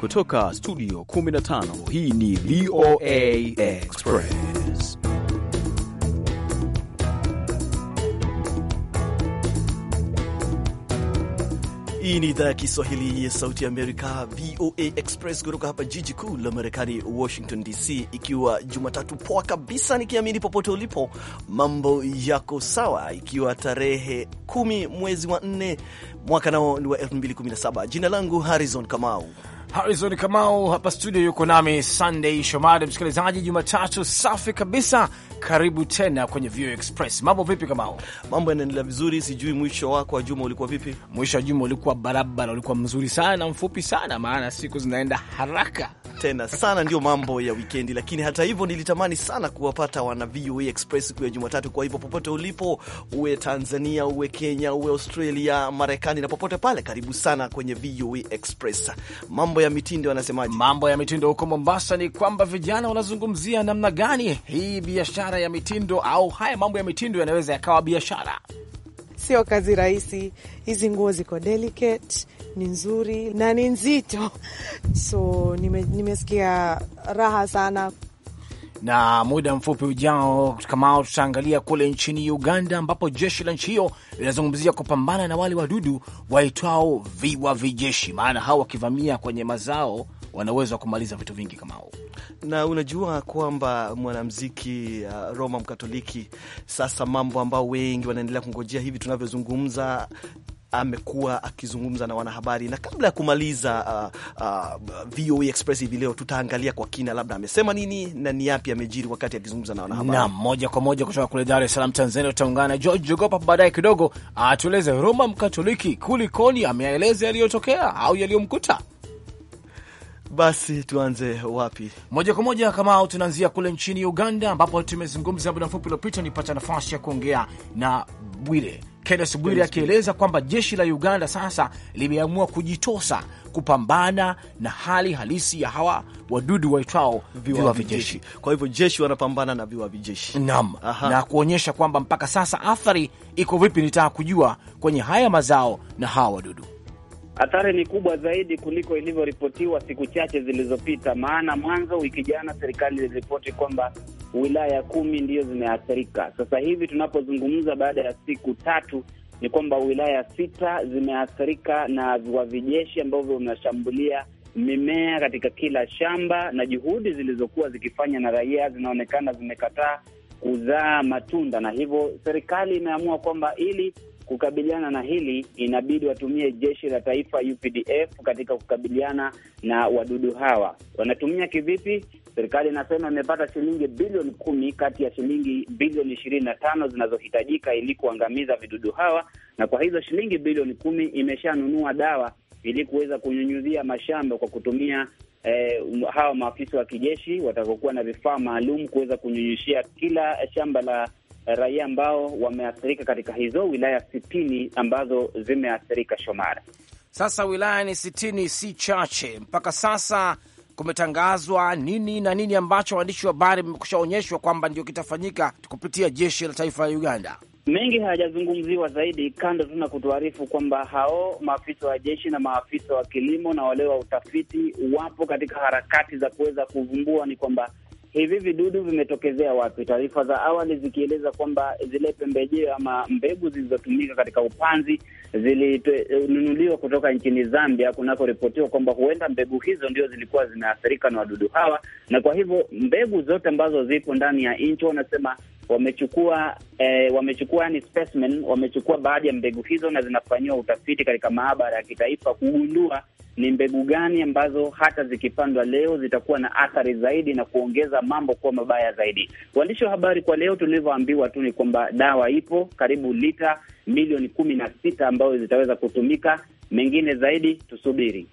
Kutoka studio 15 hii ni VOA Express. Hii ni idhaa ya Kiswahili ya Sauti ya Amerika, VOA Express, kutoka hapa jiji kuu la Marekani, Washington DC, ikiwa Jumatatu poa kabisa, nikiamini popote ulipo mambo yako sawa, ikiwa tarehe kumi mwezi wa nne mwaka nao ni wa 2017. Jina langu Harrison Kamau Harrison Kamau hapa studio, yuko nami Sunday Shomari. Msikilizaji, Jumatatu safi kabisa, karibu tena kwenye View Express. Mambo vipi Kamau? Mambo yanaendelea vizuri, sijui mwisho wako wa juma ulikuwa vipi? Mwisho wa juma ulikuwa barabara, ulikuwa mzuri sana, mfupi sana, maana siku zinaenda haraka tena sana, ndio mambo ya wikendi. Lakini hata hivyo nilitamani sana kuwapata wana VOA Express kwa Jumatatu. Kwa hivyo popote ulipo, uwe Tanzania, uwe Kenya, uwe Australia, Marekani na popote pale, karibu sana kwenye VOA Express. Mambo ya mitindo wanasemaje? Mambo ya mitindo huko Mombasa ni kwamba vijana wanazungumzia namna gani hii biashara ya mitindo, au haya mambo ya mitindo yanaweza yakawa biashara sio kazi rahisi. Hizi nguo ziko delicate, ni nzuri na ni nzito, so nimesikia nime raha sana na muda mfupi ujao Kamao, tutaangalia kule nchini Uganda ambapo jeshi la nchi hiyo linazungumzia kupambana na wale wadudu waitwao viwa vijeshi maana hao wakivamia kwenye mazao wana uwezo wa kumaliza vitu vingi kama hu Na unajua kwamba mwanamziki uh, Roma Mkatoliki, sasa mambo ambao wengi wanaendelea kungojea hivi tunavyozungumza amekuwa akizungumza na wanahabari na kabla ya kumaliza uh, uh, VOA e Express hivi leo tutaangalia kwa kina, labda amesema nini na ni yapi amejiri wakati akizungumza na wanahabari. Naam, moja kwa moja kutoka kule Dar es Salaam, Tanzania, tutaungana na George Jogopa baadaye kidogo atueleze Roma Mkatoliki kulikoni, ameaeleza yaliyotokea au yaliyomkuta. Basi tuanze wapi? Moja kwa moja kama au tunaanzia kule nchini Uganda, ambapo tumezungumza muda mfupi uliopita, nipata nafasi ya kuongea na Bwire Kenes Bwire akieleza kwamba jeshi la Uganda sasa limeamua kujitosa kupambana na hali halisi ya hawa wadudu waitwao viwa vijeshi. Kwa hivyo jeshi wanapambana na viwa vijeshi, nam na kuonyesha kwamba mpaka sasa athari iko vipi. Nitaka kujua kwenye haya mazao na hawa wadudu Athari ni kubwa zaidi kuliko ilivyoripotiwa siku chache zilizopita, maana mwanzo wiki jana serikali iliripoti kwamba wilaya kumi ndiyo zimeathirika. Sasa hivi tunapozungumza, baada ya siku tatu, ni kwamba wilaya sita zimeathirika na wavijeshi ambavyo vinashambulia mimea katika kila shamba, na juhudi zilizokuwa zikifanya na raia zinaonekana zimekataa kuzaa matunda, na hivyo serikali imeamua kwamba ili kukabiliana na hili, inabidi watumie jeshi la taifa UPDF katika kukabiliana na wadudu hawa. Wanatumia kivipi? Serikali inasema imepata shilingi bilioni kumi kati ya shilingi bilioni ishirini na tano zinazohitajika ili kuangamiza vidudu hawa, na kwa hizo shilingi bilioni kumi imeshanunua dawa ili kuweza kunyunyuzia mashamba kwa kutumia eh, hawa maafisa wa kijeshi watakokuwa na vifaa maalum kuweza kunyunyushia kila shamba la raia ambao wameathirika katika hizo wilaya sitini ambazo zimeathirika Shomari. Sasa wilaya ni sitini, si chache. Mpaka sasa kumetangazwa nini na nini ambacho waandishi wa habari mekushaonyeshwa kwamba ndio kitafanyika kupitia jeshi la taifa la Uganda? Mengi hayajazungumziwa zaidi, kando tuna kutuarifu kwamba hao maafisa wa jeshi na maafisa wa kilimo na wale wa utafiti wapo katika harakati za kuweza kuvumbua ni kwamba hivi vidudu vimetokezea wapi? Taarifa za awali zikieleza kwamba zile pembejeo ama mbegu zilizotumika katika upanzi zilinunuliwa kutoka nchini Zambia, kunakoripotiwa kwamba huenda mbegu hizo ndio zilikuwa zimeathirika na wadudu hawa, na kwa hivyo mbegu zote ambazo zipo ndani ya nchi wanasema wamechukua eh, wamechukua ni specimen, wamechukua baadhi ya mbegu hizo na zinafanyiwa utafiti katika maabara ya kitaifa kugundua ni mbegu gani ambazo hata zikipandwa leo zitakuwa na athari zaidi na kuongeza mambo kuwa mabaya zaidi. Waandishi wa habari, kwa leo tulivyoambiwa tu ni kwamba dawa ipo karibu lita milioni kumi na sita ambazo zitaweza kutumika, mengine zaidi tusubiri.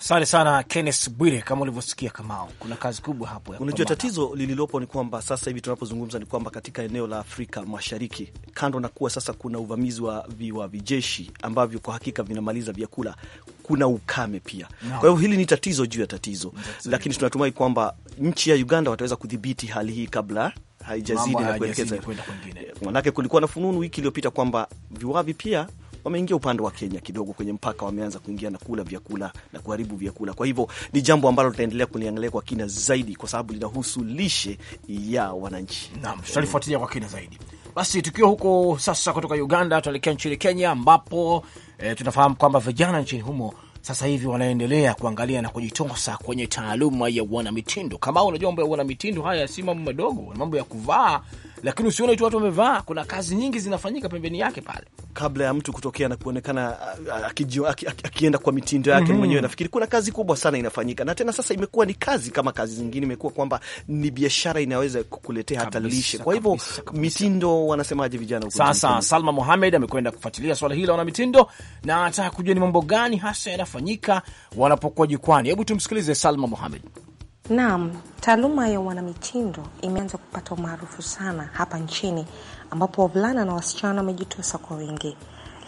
Asante sana Kenneth Bwire, kama ulivyosikia Kamao, kuna kazi kubwa hapo. Unajua, tatizo lililopo ni kwamba sasa hivi tunapozungumza ni kwamba katika eneo la Afrika Mashariki, kando na kuwa sasa kuna uvamizi wa viwa vijeshi ambavyo kwa hakika vinamaliza vyakula, kuna ukame pia no. Kwa hivyo hili ni tatizo juu ya tatizo That's lakini Tunatumai kwamba nchi ya Uganda wataweza kudhibiti hali hii kabla haijazidi na kuelekeza, manake kulikuwa na fununu wiki iliyopita kwamba viwavi pia wameingia upande wa Kenya kidogo kwenye mpaka, wameanza kuingia na kula vyakula na kuharibu vyakula. Kwa hivyo ni jambo ambalo tutaendelea kuliangalia kwa kina zaidi, kwa sababu linahusu lishe ya wananchi. Naam, tutalifuatilia kwa kina zaidi. Basi tukio huko sasa, kutoka Uganda tuelekea nchini Kenya ambapo eh, tunafahamu kwamba vijana nchini humo sasa hivi wanaendelea kuangalia na kujitosa kwenye taaluma ya wanamitindo. Kama unajua mambo ya wanamitindo haya si mambo madogo, mambo ya kuvaa lakini usione tu watu wamevaa, kuna kazi nyingi zinafanyika pembeni yake pale, kabla ya mtu kutokea na kuonekana akienda kwa mitindo yake mm -hmm. mwenyewe. Nafikiri kuna kazi kubwa sana inafanyika, na tena sasa imekuwa ni kazi kama kazi zingine, imekuwa kwamba ni biashara inaweza kukuletea hata lishe. Kwa hivyo mitindo, wanasemaje vijana huko sasa? Mitindo. Salma Mohamed amekwenda kufuatilia swala hilo na mitindo, na anataka kujua ni mambo gani hasa yanafanyika wanapokuwa jukwani. Hebu tumsikilize Salma Mohamed. Naam, taaluma ya wanamitindo imeanza kupata umaarufu sana hapa nchini ambapo wavulana na wasichana wamejitosa kwa wingi,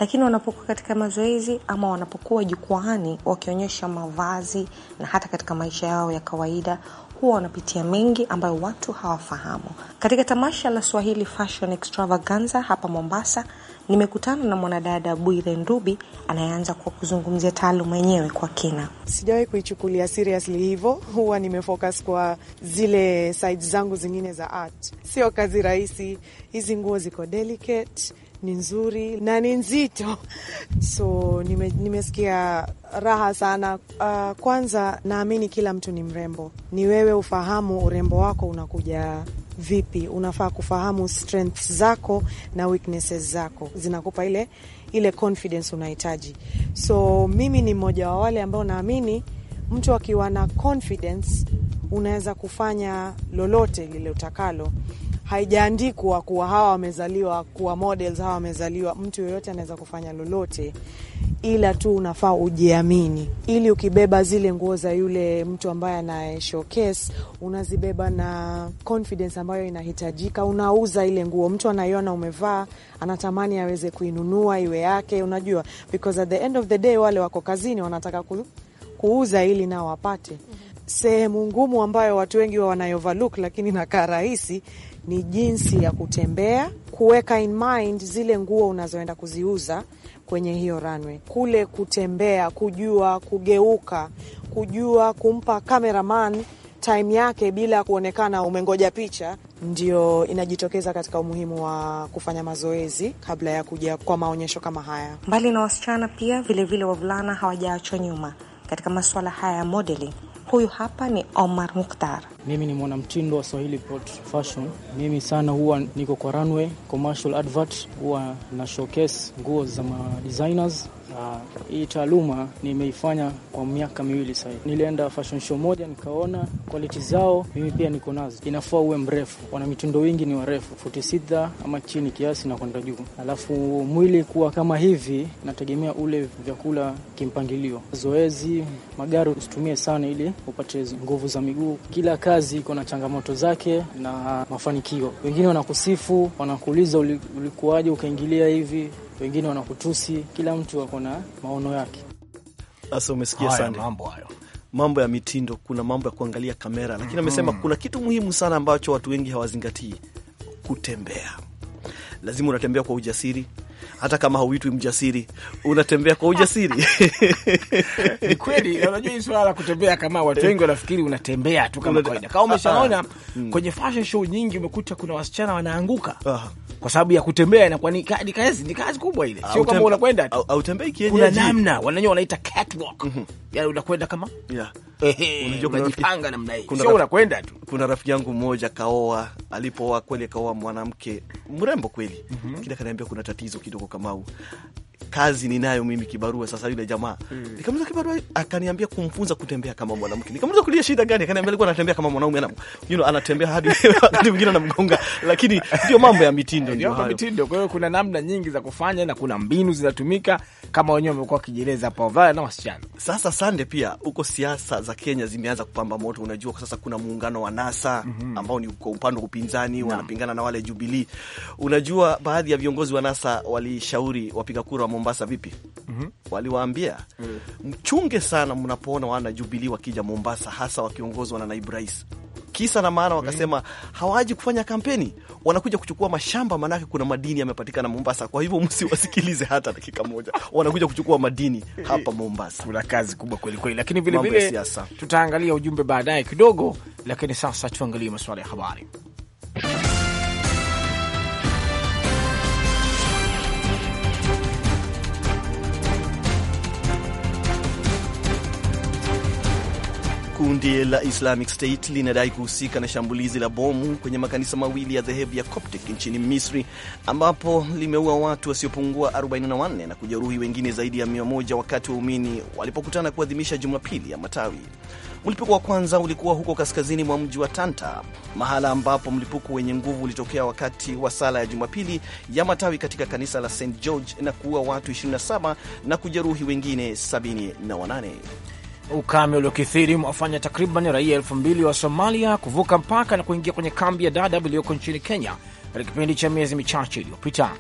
lakini wanapokuwa katika mazoezi ama wanapokuwa jukwaani wakionyesha mavazi na hata katika maisha yao ya kawaida huwa wanapitia mengi ambayo watu hawafahamu. Katika tamasha la Swahili Fashion Extravaganza hapa Mombasa, nimekutana na mwanadada Bwire Ndubi anayeanza kwa kuzungumzia taaluma yenyewe kwa kina. Sijawahi kuichukulia seriously hivyo, huwa nimefocus kwa zile sides zangu zingine za art. Sio kazi rahisi, hizi nguo ziko delicate ni nzuri na ni nzito, so nime, nimesikia raha sana. Uh, kwanza naamini kila mtu ni mrembo, ni wewe ufahamu urembo wako unakuja vipi. Unafaa kufahamu strengths zako na weaknesses zako, zinakupa ile ile confidence unahitaji. So mimi ni mmoja wa wale ambao naamini mtu akiwa na confidence unaweza kufanya lolote lile utakalo haijaandikwa kuwa hawa wamezaliwa kuwa models, hawa wamezaliwa. Mtu yoyote anaweza kufanya lolote, ila tu unafaa ujiamini, ili ukibeba zile nguo za yule mtu ambaye ana showcase, unazibeba na confidence ambayo inahitajika. Unauza ile nguo, mtu anaiona umevaa, anatamani aweze kuinunua iwe yake, unajua, because at the end of the day wale wako kazini wanataka ku, kuuza ili nao wapate mm-hmm. sehemu ngumu ambayo watu wengi wa wanayovaluk, lakini nakaa rahisi ni jinsi ya kutembea, kuweka in mind zile nguo unazoenda kuziuza kwenye hiyo runway, kule kutembea, kujua kugeuka, kujua kumpa cameraman time yake bila kuonekana umengoja picha. Ndio inajitokeza katika umuhimu wa kufanya mazoezi kabla ya kuja kwa maonyesho kama haya. Mbali na wasichana, pia vilevile wavulana hawajaachwa nyuma katika masuala haya ya modeling. Huyu hapa ni Omar Mukhtar. Mimi ni mwanamtindo wa Swahili Pot Fashion. Mimi sana huwa niko kwa runway, commercial advert, huwa na showcase nguo za ma designers na uh, hii taaluma nimeifanya kwa miaka miwili sasa. Nilienda fashion show moja, nikaona quality zao mimi pia niko nazo. Inafaa uwe mrefu, wana mitindo wingi, ni warefu futi sita ama chini kiasi na kwenda juu, alafu mwili kuwa kama hivi. Nategemea ule vyakula kimpangilio, zoezi, magari usitumie sana, ili upate nguvu za miguu. Kila kazi iko na changamoto zake na mafanikio. Wengine wanakusifu, wanakuuliza ulikuwaje ukaingilia hivi wengine wanakutusi, kila mtu ako na maono yake. Sasa umesikia sana mambo hayo mambo ya mitindo, kuna mambo ya kuangalia kamera, lakini amesema mm -hmm. kuna kitu muhimu sana ambacho watu wengi hawazingatii: kutembea. Lazima unatembea kwa ujasiri, hata kama hauitwi mjasiri, unatembea kwa ujasiri. Ni kweli, unajua hii swala la kutembea, kama watu wengi wanafikiri unatembea tu kama kawaida. Kama umeshaona ah, mm. kwenye fashion show nyingi, umekuta kuna wasichana wanaanguka uh -huh kwa sababu ya kutembea inakuwa ni kazi, ni kazi kubwa ile, sio kama unakwenda tu, hautembei kienyeji. Kuna namna wananyoa wanaita catwalk, mhm. Yani unakwenda kama yeah. Unajipanga namna hii, sio unakwenda tu. Kuna rafiki yangu mmoja kaoa, alipoa kweli kaoa mwanamke mrembo kweli, mhm. kile kaniambia kuna tatizo kidogo, kama Kamau kazi ninayo mimi kibarua. Sasa yule jamaa mm. nikamuza kibarua, akaniambia kumfunza kutembea kama mwanamke. Nikamuza kulia, shida gani? Akaniambia alikuwa anatembea kama mwanaume, ana you know, anatembea hadi wakati mwingine anamgonga, lakini ndio mambo ya mitindo, ndio mambo mitindo. Kwa hiyo kuna namna nyingi za kufanya na kuna mbinu zinatumika, kama wenyewe wamekuwa kijieleza hapo, wavulana na wasichana. Sasa sande, pia huko siasa za Kenya zimeanza kupamba moto. Unajua sasa kuna muungano wa NASA mm -hmm. ambao ni kwa upande wa upinzani, wanapingana na wale Jubilee. Unajua baadhi ya viongozi wa NASA walishauri wapiga kura Mombasa vipi? mm -hmm. Waliwaambia mm -hmm. mchunge sana mnapoona wana Jubilii wakija Mombasa, hasa wakiongozwa na naibu rais Kisa na maana wakasema mm. hawaji kufanya kampeni, wanakuja kuchukua mashamba, maanake kuna madini yamepatikana Mombasa. Kwa hivyo msiwasikilize hata dakika moja, wanakuja kuchukua madini hapa Mombasa. Kuna kazi kubwa kwelikweli, lakini vilevile tutaangalia ujumbe baadaye kidogo, lakini sasa tuangalie masuala ya habari. Kundi la Islamic State linadai kuhusika na shambulizi la bomu kwenye makanisa mawili ya dhehebu ya Coptic nchini Misri, ambapo limeua watu wasiopungua 44 na kujeruhi wengine zaidi ya 100 wakati waumini walipokutana kuadhimisha Jumapili ya Matawi. Mlipuko wa kwanza ulikuwa huko kaskazini mwa mji wa Tanta, mahala ambapo mlipuko wenye nguvu ulitokea wakati wa sala ya Jumapili ya Matawi katika kanisa la St George na kuua watu 27 na kujeruhi wengine 78. Ukame uliokithiri umewafanya takriban raia elfu mbili wa Somalia kuvuka mpaka na kuingia kwenye kambi ya Dadaab iliyoko nchini Kenya katika kipindi cha miezi michache iliyopita.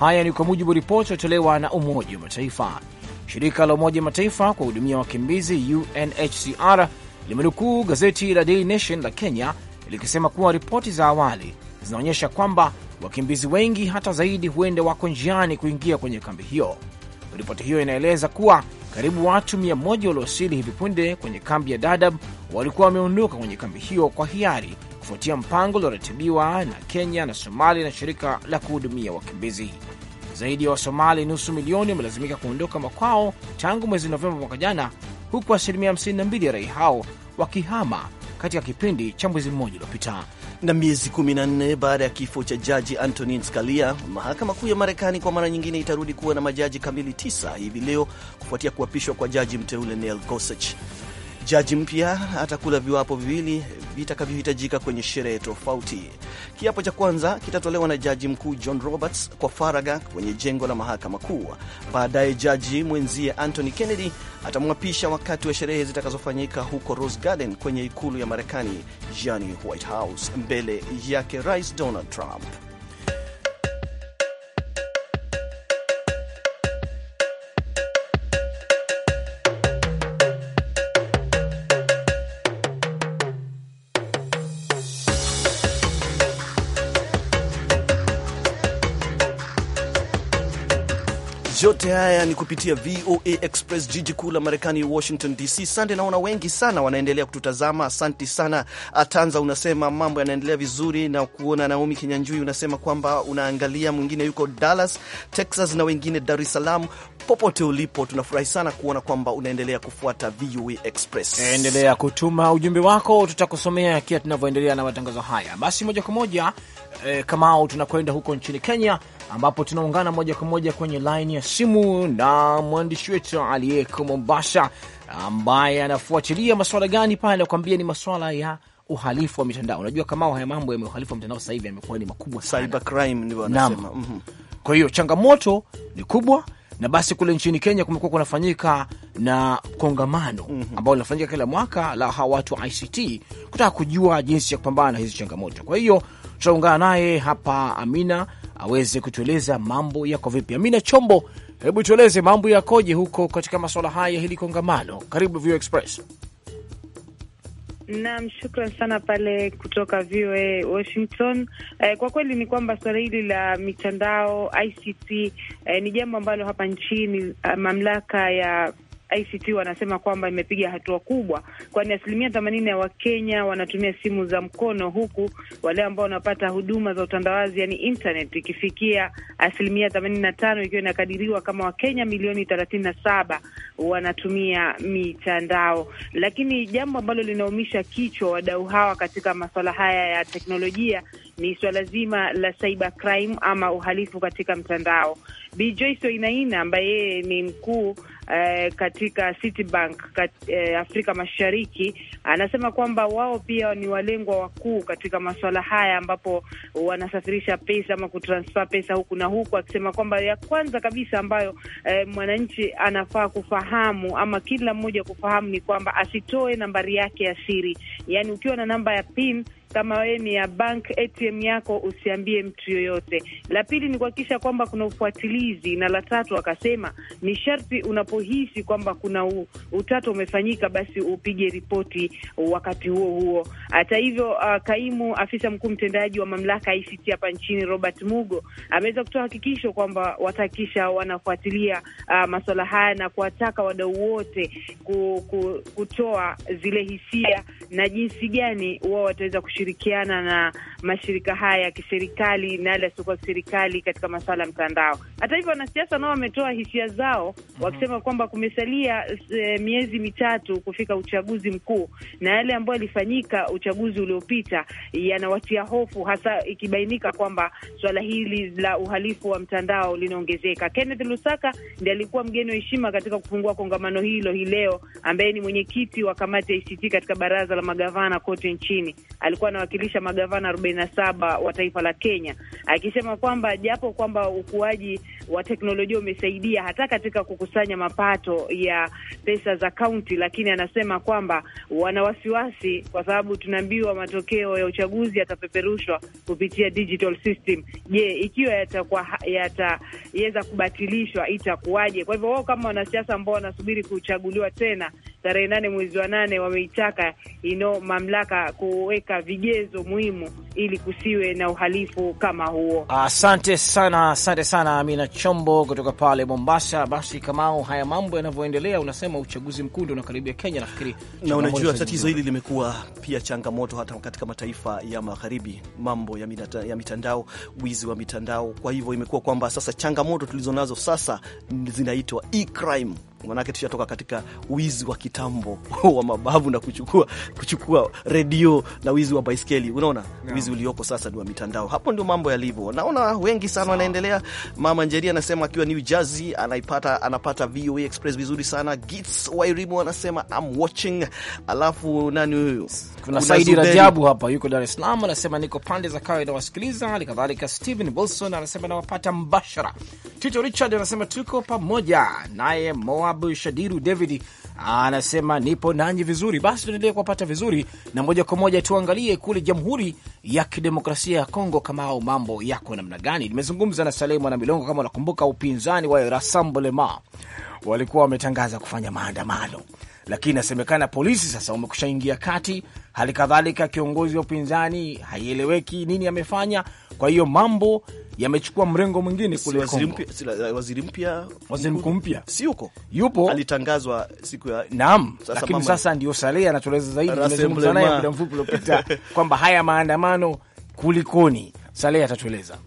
Haya ni kwa mujibu wa ripoti iliyotolewa na Umoja wa Mataifa. Shirika la Umoja wa Mataifa kwa hudumia wakimbizi UNHCR limenukuu gazeti la Daily Nation la Kenya likisema kuwa ripoti za awali zinaonyesha kwamba wakimbizi wengi hata zaidi huenda wako njiani kuingia kwenye kambi hiyo. Ripoti hiyo inaeleza kuwa karibu watu 1 waliowasili hivi punde kwenye kambi ya dadab walikuwa wameondoka kwenye kambi hiyo kwa hiari kufuatia mpango ulioratibiwa na Kenya na Somalia na shirika la kuhudumia wakimbizi. Zaidi ya wa Wasomali nusu milioni wamelazimika kuondoka makwao tangu mwezi Novemba mwaka jana, huku asilimia 52 ya raia hao wakihama katika kipindi cha mwezi mmoja uliopita. Na miezi 14 baada ya kifo cha jaji Antonin Scalia, mahakama kuu ya Marekani kwa mara nyingine itarudi kuwa na majaji kamili tisa hivi leo kufuatia kuapishwa kwa jaji mteule Neil Gorsuch. Jaji mpya atakula viwapo viwili vitakavyohitajika kwenye sherehe tofauti. Kiapo cha kwanza kitatolewa na jaji mkuu John Roberts kwa faraga kwenye jengo la mahakama kuu. Baadaye jaji mwenzie Anthony Kennedy atamwapisha wakati wa sherehe zitakazofanyika huko Rose Garden kwenye ikulu ya Marekani, yani White House, mbele yake Rais Donald Trump. Yote haya ni kupitia VOA Express, jiji kuu la Marekani, Washington DC. Sande, naona wengi sana wanaendelea kututazama, asanti sana. atanza unasema mambo yanaendelea vizuri na kuona. Naomi Kinyanjui unasema kwamba unaangalia, mwingine yuko Dallas, Texas, na wengine Dar es Salaam. Popote ulipo, tunafurahi sana kuona kwamba unaendelea kufuata VOA Express. Endelea kutuma ujumbe wako, tutakusomea kila tunavyoendelea na matangazo haya. Basi moja kwa moja eh, Kamau, tunakwenda huko nchini Kenya ambapo tunaungana moja kwa moja kwenye laini ya simu na mwandishi wetu aliyeko Mombasa ambaye anafuatilia maswala gani pale, anakuambia ni maswala ya uhalifu wa mitandao. Unajua kama haya mambo ya uhalifu wa mitandao sasa hivi yamekuwa ni makubwa sana, cyber crime ndio wanasema. Mhm. Kwa hiyo changamoto ni kubwa na basi kule nchini Kenya kumekuwa kunafanyika na kongamano mm -hmm. linafanyika kila mwaka la hawa watu wa ICT kutaka kujua jinsi ya kupambana na hizi changamoto. Kwa hiyo tutaungana naye hapa Amina aweze kutueleza mambo yako vipi. Amina Chombo, hebu tueleze mambo yakoje huko katika masuala haya ya hili kongamano. Karibu Vio Express. Naam, shukran sana pale kutoka VOA Washington. Eh, kwa kweli ni kwamba suala hili la mitandao ICT eh, ni jambo ambalo hapa nchini eh, mamlaka ya ICT wanasema kwamba imepiga hatua kubwa, kwani asilimia themanini ya Wakenya wanatumia simu za mkono, huku wale ambao wanapata huduma za utandawazi, yani internet, ikifikia asilimia themanini na tano ikiwa inakadiriwa kama Wakenya milioni thelathini na saba wanatumia mitandao. Lakini jambo ambalo linaumisha kichwa wadau hawa katika masuala haya ya teknolojia ni swala zima la cyber crime ama uhalifu katika mtandao. Bi Joyce ambaye yeye ni mkuu eh, katika Citibank kat, eh, Afrika Mashariki anasema kwamba wao pia ni walengwa wakuu katika masuala haya, ambapo wanasafirisha pesa ama kutransfer pesa huku na huku, akisema kwamba ya kwanza kabisa ambayo eh, mwananchi anafaa kufahamu ama kila mmoja kufahamu ni kwamba asitoe nambari yake ya siri, yaani ukiwa na namba ya PIN kama wewe ni ya bank ATM yako usiambie mtu yoyote. La pili ni kuhakikisha kwamba kuna ufuatilizi, na la tatu akasema ni sharti unapohisi kwamba kuna u, utato umefanyika, basi upige ripoti wakati huo huo. Hata hivyo, uh, kaimu afisa mkuu mtendaji wa mamlaka ICT hapa nchini Robert Mugo ameweza kutoa hakikisho kwamba watahakikisha wanafuatilia uh, masuala haya na kuwataka wadau wote ku, ku, kutoa zile hisia na jinsi gani wao wataweza kushirikiana na mashirika haya ya kiserikali na yale yasiokuwa kiserikali katika masuala ya mtandao. Hata hivyo, wanasiasa nao wametoa hisia zao mhm. wakisema kwamba kumesalia e, miezi mitatu kufika uchaguzi mkuu, na yale ambayo yalifanyika uchaguzi uliopita yanawatia hofu, hasa ikibainika kwamba swala hili la uhalifu wa mtandao linaongezeka. Kenneth Lusaka ndiye alikuwa mgeni wa heshima katika kufungua kongamano hilo hii leo, ambaye ni mwenyekiti wa kamati ya ICT katika baraza la magavana kote nchini. Alikuwa alikuwa anawakilisha magavana 47 wa taifa la Kenya, akisema kwamba japo kwamba ukuaji wa teknolojia umesaidia hata katika kukusanya mapato ya pesa za kaunti, lakini anasema kwamba wana wasiwasi kwa sababu tunaambiwa matokeo ya uchaguzi yatapeperushwa kupitia digital system. Je, ikiwa yatakuwa yataweza kubatilishwa itakuwaje? Kwa hivyo wao kama wanasiasa ambao wanasubiri kuchaguliwa tena tarehe nane mwezi wa nane wameitaka ino mamlaka kuweka vigezo muhimu ili kusiwe na uhalifu kama huo. Asante sana, asante sana Amina Chombo kutoka pale Mombasa. Basi Kamao, haya mambo yanavyoendelea, unasema uchaguzi mkuu ndio unakaribia Kenya, nafikiri na unajua tatizo hili limekuwa pia changamoto hata katika mataifa ya magharibi, mambo ya, minata, ya mitandao, wizi wa mitandao. Kwa hivyo imekuwa kwamba sasa changamoto tulizonazo sasa zinaitwa e-crime Manake tushatoka katika wizi wa kitambo wa mabavu na kuchukua, kuchukua redio na wizi wa baiskeli. Unaona no. wizi ulioko sasa ni wa mitandao. Hapo ndio mambo yalivyo, naona wengi sana wanaendelea. Mama Njeri anasema akiwa New Jersey anaipata, anapata VOA Express vizuri sana. Gits Wairimu anasema I'm watching. Alafu nani huyu, kuna Saidi Rajabu hapa yuko Dar es Salaam anasema niko pande za kawa inawasikiliza. Hali kadhalika Steven Wilson anasema nawapata mbashara. Tito Richard anasema tuko pamoja naye Moa Mwab Shadiru David anasema nipo nanyi vizuri. Basi tuendelee kuwapata vizuri, na moja kwa moja tuangalie kule Jamhuri ya Kidemokrasia ya Kongo, kama au mambo yako namna gani. Nimezungumza na Saleh Mwanamilongo, kama unakumbuka, upinzani wa Rassemblement walikuwa wametangaza kufanya maandamano lakini inasemekana polisi sasa wamekusha ingia kati. Hali kadhalika kiongozi wa upinzani haieleweki nini amefanya. Kwa hiyo mambo yamechukua mrengo mwingine kule Waziri mpya, waziri mkuu mpya si huko yupo, alitangazwa siku ya naam. Lakini sasa ndio saleh anatueleza zaidi, tumezungumza naye muda mfupi uliopita kwamba haya maandamano kulikoni. saleh atatueleza.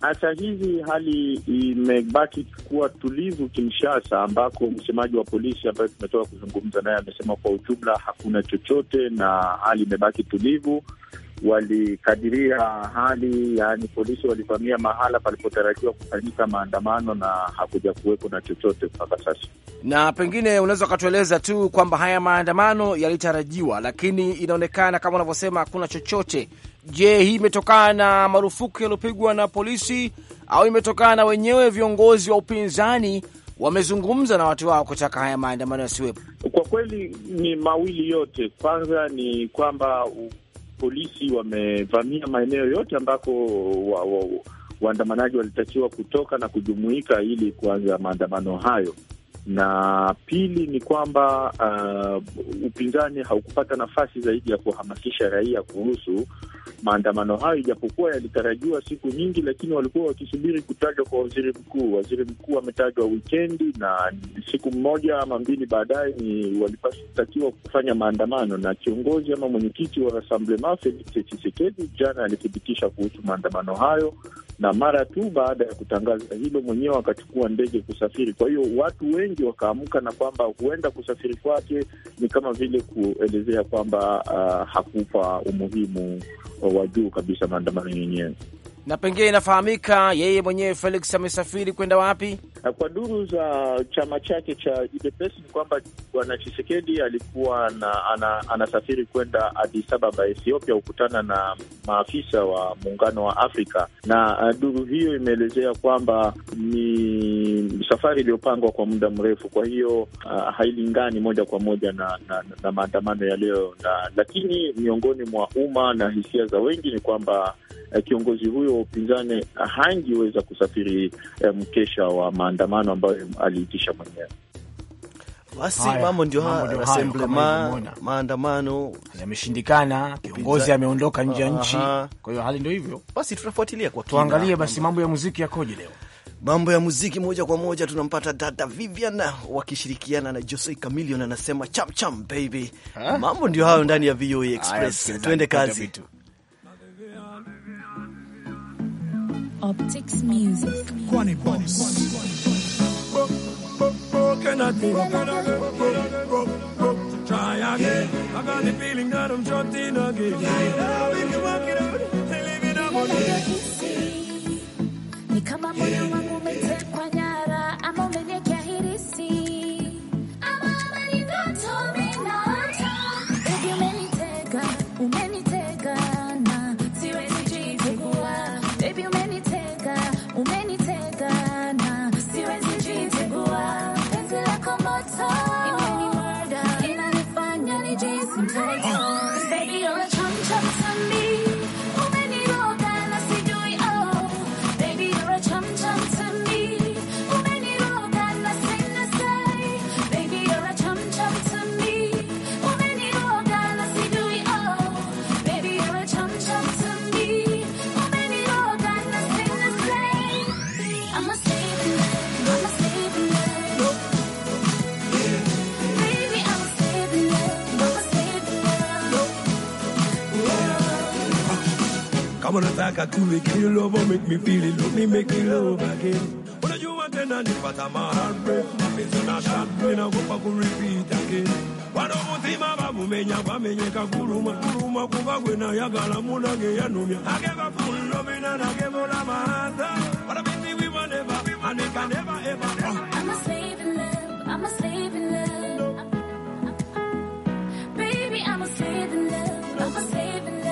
Hata hivi hali imebaki kuwa tulivu Kinshasa, ambako msemaji wa polisi ambaye tumetoka kuzungumza naye amesema kwa ujumla hakuna chochote na hali imebaki tulivu walikadiria hali, yaani polisi walivamia mahala palipotarajiwa kufanyika maandamano na hakuja kuwepo na chochote mpaka sasa. Na pengine unaweza ukatueleza tu kwamba haya maandamano yalitarajiwa, lakini inaonekana kama unavyosema hakuna chochote. Je, hii imetokana na marufuku yaliyopigwa na polisi au imetokana na wenyewe viongozi wa upinzani wamezungumza na watu wao kutaka haya maandamano yasiwepo? Kwa kweli ni mawili yote. Kwanza ni kwamba polisi wamevamia maeneo yote ambako waandamanaji wa, wa, walitakiwa kutoka na kujumuika ili kuanza maandamano hayo na pili ni kwamba uh, upinzani haukupata nafasi zaidi ya kuhamasisha raia kuhusu maandamano hayo, ijapokuwa yalitarajiwa siku nyingi, lakini walikuwa wakisubiri kutajwa kwa waziri mkuu. Waziri mkuu ametajwa wikendi, na siku mmoja ama mbili baadaye ni walipatakiwa kufanya maandamano, na kiongozi ama mwenyekiti wa Rassemblement Felix Tshisekedi jana alithibitisha kuhusu maandamano hayo na mara tu baada ya kutangaza hilo mwenyewe wakachukua ndege kusafiri. Kwa hiyo watu wengi wakaamka na kwamba huenda kusafiri kwake ni kama vile kuelezea kwamba uh, hakupa umuhimu wa juu kabisa maandamano yenyewe. Na pengine inafahamika yeye mwenyewe Felix amesafiri kwenda wapi? Na kwa duru za chama chake cha UDPS ni kwamba bwana Chisekedi alikuwa na, ana, anasafiri kwenda Addis Ababa, Ethiopia, kukutana na maafisa wa muungano wa Afrika, na uh, duru hiyo imeelezea kwamba ni safari iliyopangwa kwa muda mrefu, kwa hiyo uh, hailingani moja kwa moja na, na, na maandamano ya leo na, lakini miongoni mwa umma na hisia za wengi ni kwamba uh, kiongozi huyo wa upinzani hangiweza kusafiri uh, mkesha um, wa maandamano maandamano ambayo aliitisha mwenyewe. Basi mambo ndio assemblema, maandamano yameshindikana, kiongozi ameondoka nje ya nchi. Kwa hiyo hali ndio hivyo, basi tutafuatilia kwa Tuangalie basi mambo ya muziki yakoje leo. Mambo ya muziki moja kwa moja tunampata dada Vivian wakishirikiana na Jose Chameleone, anasema cham cham baby. Mambo ndio hayo ndani ya VOA e Express, tuende kazi. Optics Music. Kwani Boss. Broken at me. Try again. I got the feeling that I'm jumping again. Now we can walk it out and live it up again. Ni kama moyo wangu umetea wanna talk a cool kill love, oh, make me feel it, love me, make me love again. What do you want then? And but I'm a heartbreak, my face on a shot, me now. go back and repeat again. wanomutima bamumenya bamenya kaguluma kuluma kuba gwe nayagala munange yanumya ageva kunlobina nagebola mahata wanabiziwimaneva anekaneva eva I'm a slave in love, I'm a slave in love. Baby, I'm a slave in love, I'm a slave in love.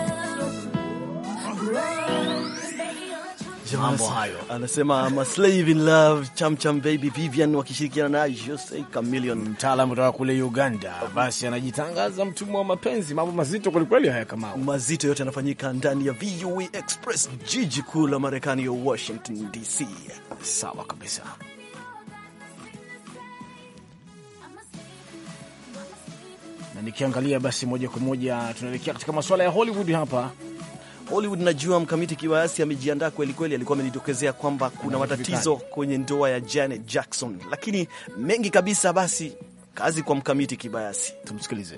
mambo hayo, anasema slave in Love, Cham Cham Baby Vivian wakishirikiana na Jose Chameleon, mtaalamu kutoka kule Uganda. Basi anajitangaza mtumwa wa mapenzi. Mambo mazito kwelikweli haya, kama mazito yote yanafanyika ndani ya VOA e Express, jiji kuu la Marekani ya Washington DC. Sawa kabisa. na nikiangalia basi, moja kwa moja tunaelekea katika masuala ya Hollywood hapa Hollywood najua mkamiti kiwayasi amejiandaa kweli kweli, alikuwa amenitokezea kwamba kuna matatizo kwenye ndoa ya Janet Jackson, lakini mengi kabisa. Basi kazi kwa mkamiti kibayasi, tumsikilize.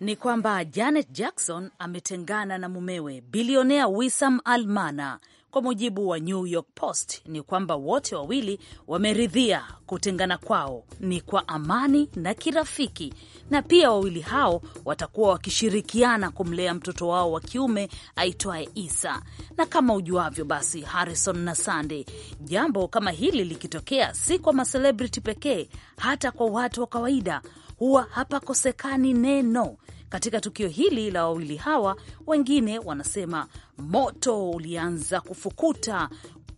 Ni kwamba Janet Jackson ametengana na mumewe bilionea Wissam Almana kwa mujibu wa New York Post ni kwamba wote wawili wameridhia kutengana kwao ni kwa amani na kirafiki, na pia wawili hao watakuwa wakishirikiana kumlea mtoto wao wa kiume aitwaye Isa. Na kama ujuavyo, basi Harrison na Sande, jambo kama hili likitokea, si kwa maselebriti pekee, hata kwa watu wa kawaida huwa hapakosekani neno. Katika tukio hili la wawili hawa, wengine wanasema moto ulianza kufukuta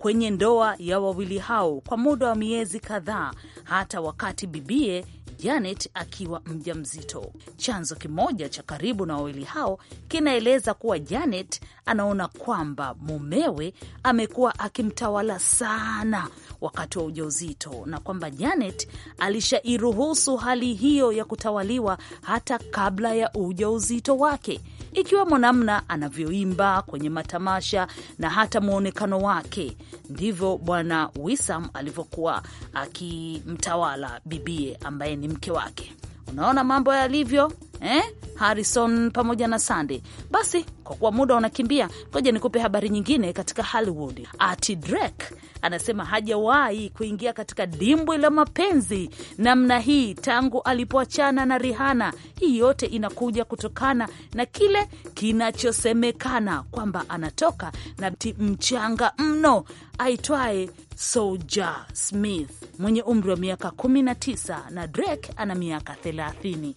kwenye ndoa ya wawili hao kwa muda wa miezi kadhaa, hata wakati bibie Janet akiwa mjamzito. Chanzo kimoja cha karibu na wawili hao kinaeleza kuwa Janet anaona kwamba mumewe amekuwa akimtawala sana wakati wa ujauzito na kwamba Janet alishairuhusu hali hiyo ya kutawaliwa hata kabla ya ujauzito wake ikiwemo namna anavyoimba kwenye matamasha na hata mwonekano wake. Ndivyo Bwana Wisam alivyokuwa akimtawala bibie ambaye ni mke wake. Unaona mambo yalivyo eh? Harrison pamoja na Sunday. Basi kwa kuwa muda unakimbia, ngoja nikupe habari nyingine katika Hollywood. Ati Drake anasema hajawahi kuingia katika dimbwi la mapenzi namna hii tangu alipoachana na Rihanna. Hii yote inakuja kutokana na kile kinachosemekana kwamba anatoka na mti mchanga mno aitwaye Soja Smith mwenye umri wa miaka 19 na Drake ana miaka 30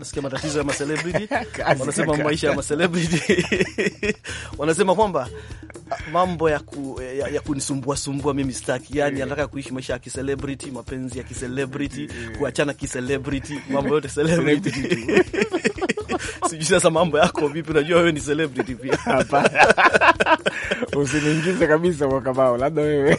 nasikia matatizo ya macelebrity wanasema maisha ya macelebrity wanasema kwamba ah, mambo ya, ku, ya, ya kunisumbua sumbua mimi staki yani yeah. Anataka kuishi maisha ya kicelebrity, mapenzi ya kicelebrity yeah. Kuachana kicelebrity, mambo yote celebrity Sijui sasa mambo yako vipi, unajua wewe ni celebrity pia. Hapana. Usiniingize kabisa kwa kabao, labda wewe.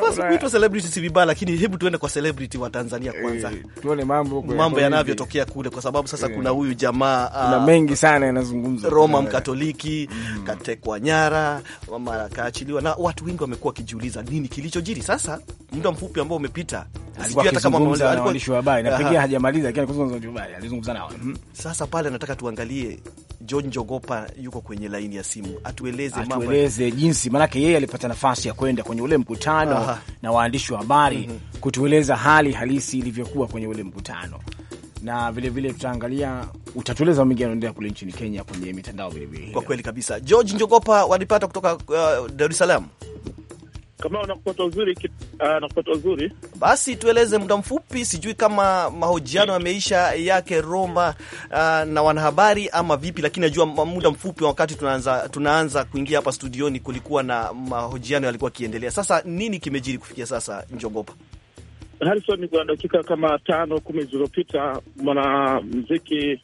Basi ah, kuitwa celebrity si vibaya, lakini hebu tuende kwa celebrity wa Tanzania kwanza. Eh, tuone mambo kwa mambo yanavyotokea kule kwa sababu sasa kuna eh. huyu jamaa ah, mengi sana yanazungumzwa. Roma Mkatoliki eh. mm. katekwa nyara, mama na watu wengi wamekuwa wakijiuliza nini kilichojiri. Sasa muda mfupi ambao umepita, alijua hata kama alikuwa na waandishi wa habari na pengine hajamaliza kuzungumza na sasa pale nataka tuangalie John Jogopa yuko kwenye laini ya simu, atueleze mambo, atueleze jinsi, maanake yeye alipata nafasi ya kwenda kwenye ule mkutano Aha. na waandishi wa habari mm -hmm. kutueleza hali halisi ilivyokuwa kwenye ule mkutano, na vilevile tutaangalia, utatueleza mingi yanaendelea kule nchini Kenya kwenye mitandao vilevile. Kwa kweli kabisa, George Njogopa walipata kutoka uh, Dar es Salaam. Kama unakupata uzuri, uh, uzuri. Basi tueleze muda mfupi, sijui kama mahojiano hmm. yameisha yake Roma uh, na wanahabari ama vipi, lakini najua muda mfupi wakati tunaanza, tunaanza kuingia hapa studioni kulikuwa na mahojiano yalikuwa akiendelea Sasa nini kimejiri kufikia sasa, Njongopa? Harison? kwa dakika kama tano kumi zilizopita mwanamziki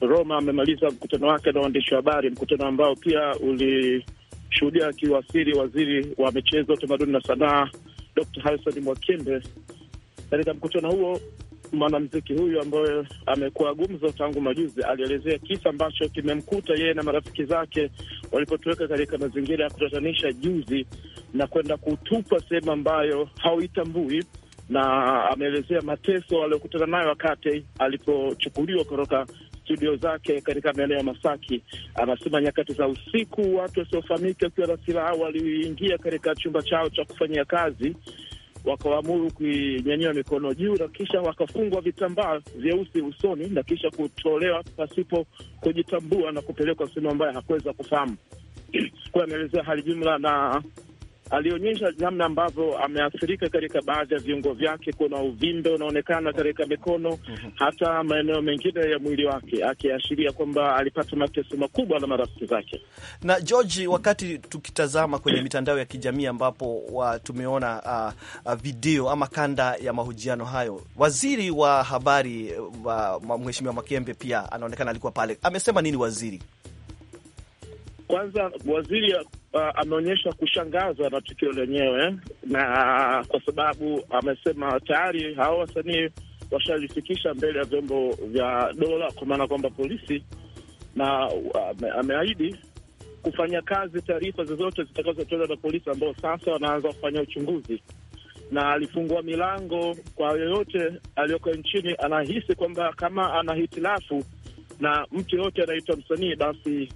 Roma amemaliza mkutano wake na waandishi wa habari, mkutano ambao pia uli shuhudia akiwasili waziri wa michezo, utamaduni na sanaa Dr. Harrison Mwakembe katika mkutano huo. Mwanamziki huyu ambaye amekuwa gumzo tangu majuzi, alielezea kisa ambacho kimemkuta yeye na marafiki zake walipotoweka katika mazingira ya kutatanisha juzi na kwenda kutupa sehemu ambayo hauitambui, na ameelezea mateso aliyokutana nayo wakati alipochukuliwa kutoka studio zake katika maeneo ya Masaki. Anasema nyakati za usiku watu wasiofahamika wakiwa na silaha waliingia katika chumba chao cha kufanyia kazi, wakawaamuru kuinyanyiwa mikono juu na kisha wakafungwa vitambaa vyeusi usoni na kisha kutolewa pasipo kujitambua na kupelekwa sehemu ambayo hakuweza kufahamu. Kwa ameelezea hali jumla na alionyesha namna ambavyo ameathirika katika baadhi ya viungo vyake. Kuna uvimbe unaonekana katika mikono, mhm. hata maeneo mengine ya mwili wake, akiashiria kwamba alipata mateso makubwa na marafiki zake. Na George, wakati tukitazama kwenye mitandao ya kijamii ambapo wa tumeona uh, uh, video ama kanda ya mahojiano hayo, waziri wa habari uh, Mheshimiwa Makembe pia anaonekana alikuwa pale. Amesema nini waziri? Kwanza waziri uh, ameonyesha kushangazwa na tukio lenyewe, eh? na kwa sababu amesema tayari hao wasanii washalifikisha mbele ya vyombo vya dola, kwa maana kwamba polisi, na uh, ameahidi kufanya kazi taarifa zozote zitakazotolewa na polisi, ambao sasa wanaanza kufanya uchunguzi, na alifungua milango kwa yoyote aliyoko nchini anahisi kwamba kama ana hitilafu na mtu yoyote anaitwa msanii basi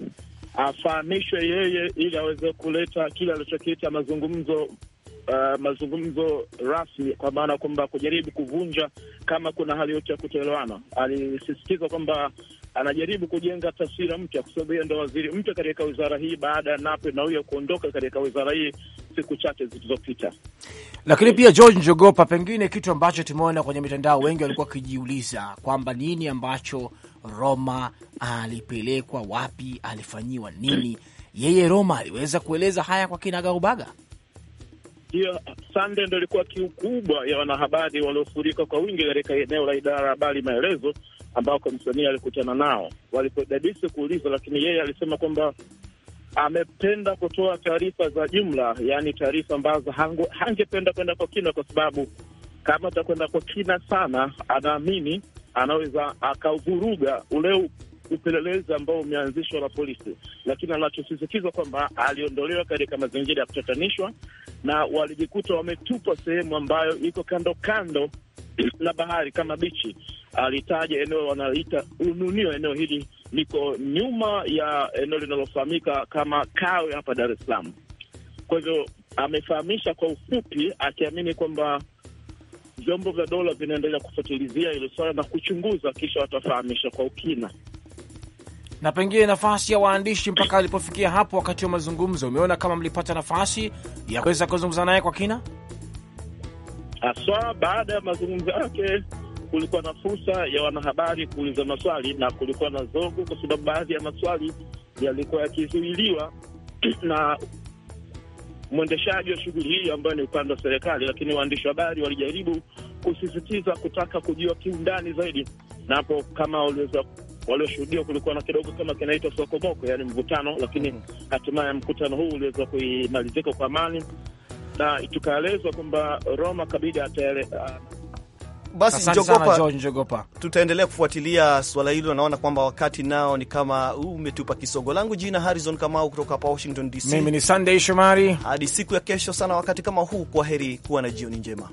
afahamishwe yeye, ili aweze kuleta kile alichokiita mazungumzo Uh, mazungumzo rasmi kwa maana kwamba kujaribu kuvunja kama kuna hali yote ya kutoelewana. Alisisitiza kwamba anajaribu kujenga taswira mpya, kwa sababu yeye ndo waziri mpya katika wizara hii baada ya Nape na huyo kuondoka katika wizara hii siku chache zilizopita. Lakini pia George Njogopa, pengine kitu ambacho tumeona kwenye mitandao, wengi walikuwa wakijiuliza kwamba nini ambacho Roma alipelekwa wapi, alifanyiwa nini? Yeye Roma aliweza kueleza haya kwa kina gaubaga. Sande ndo ilikuwa kiu kubwa ya wanahabari waliofurika kwa wingi katika eneo la idara ya habari maelezo ambako msanii alikutana nao walipodadisi kuuliza lakini yeye alisema kwamba amependa kutoa taarifa za jumla, yaani taarifa ambazo hangependa kwenda kwa kina, kwa sababu kama atakwenda kwa kina sana, anaamini anaweza akauvuruga ule upelelezi ambao umeanzishwa na polisi. Lakini anachosisitiza kwamba aliondolewa katika mazingira ya kutatanishwa na walijikuta wametupwa sehemu ambayo iko kando kando la bahari kama bichi alitaja eneo wanaloita Ununio. Eneo hili liko nyuma ya eneo linalofahamika kama Kawe hapa Dar es Salaam. Kwa hivyo amefahamisha kwa ufupi, akiamini kwamba vyombo vya dola vinaendelea kufuatilizia hilo swala na kuchunguza, kisha watafahamisha kwa ukina. Na pengine nafasi ya waandishi mpaka alipofikia hapo, wakati wa mazungumzo, umeona kama mlipata nafasi ya kuweza kuzungumza naye kwa kina haswa baada ya mazungumzo yake kulikuwa na fursa ya wanahabari kuuliza maswali na kulikuwa na zogo, kwa sababu baadhi ya maswali yalikuwa yakizuiliwa na mwendeshaji wa shughuli hii ambayo ni upande wa serikali, lakini waandishi wa habari walijaribu kusisitiza kutaka kujua kiundani zaidi, na hapo kama waliweza walioshuhudia kulikuwa na kidogo kama kinaitwa sokomoko, yaani mvutano, lakini hatimaye mkutano huu uliweza kuimalizika kwa amani na tukaelezwa kwamba Roma Kabida basi njogopa, njogopa, tutaendelea kufuatilia swala hilo. Naona kwamba wakati nao ni kama umetupa kisogo. Langu jina Harrison Kamau kutoka hapa Washington DC. Mimi ni Sunday Shomari. Hadi siku ya kesho sana wakati kama huu, kwa heri, kuwa na jioni njema.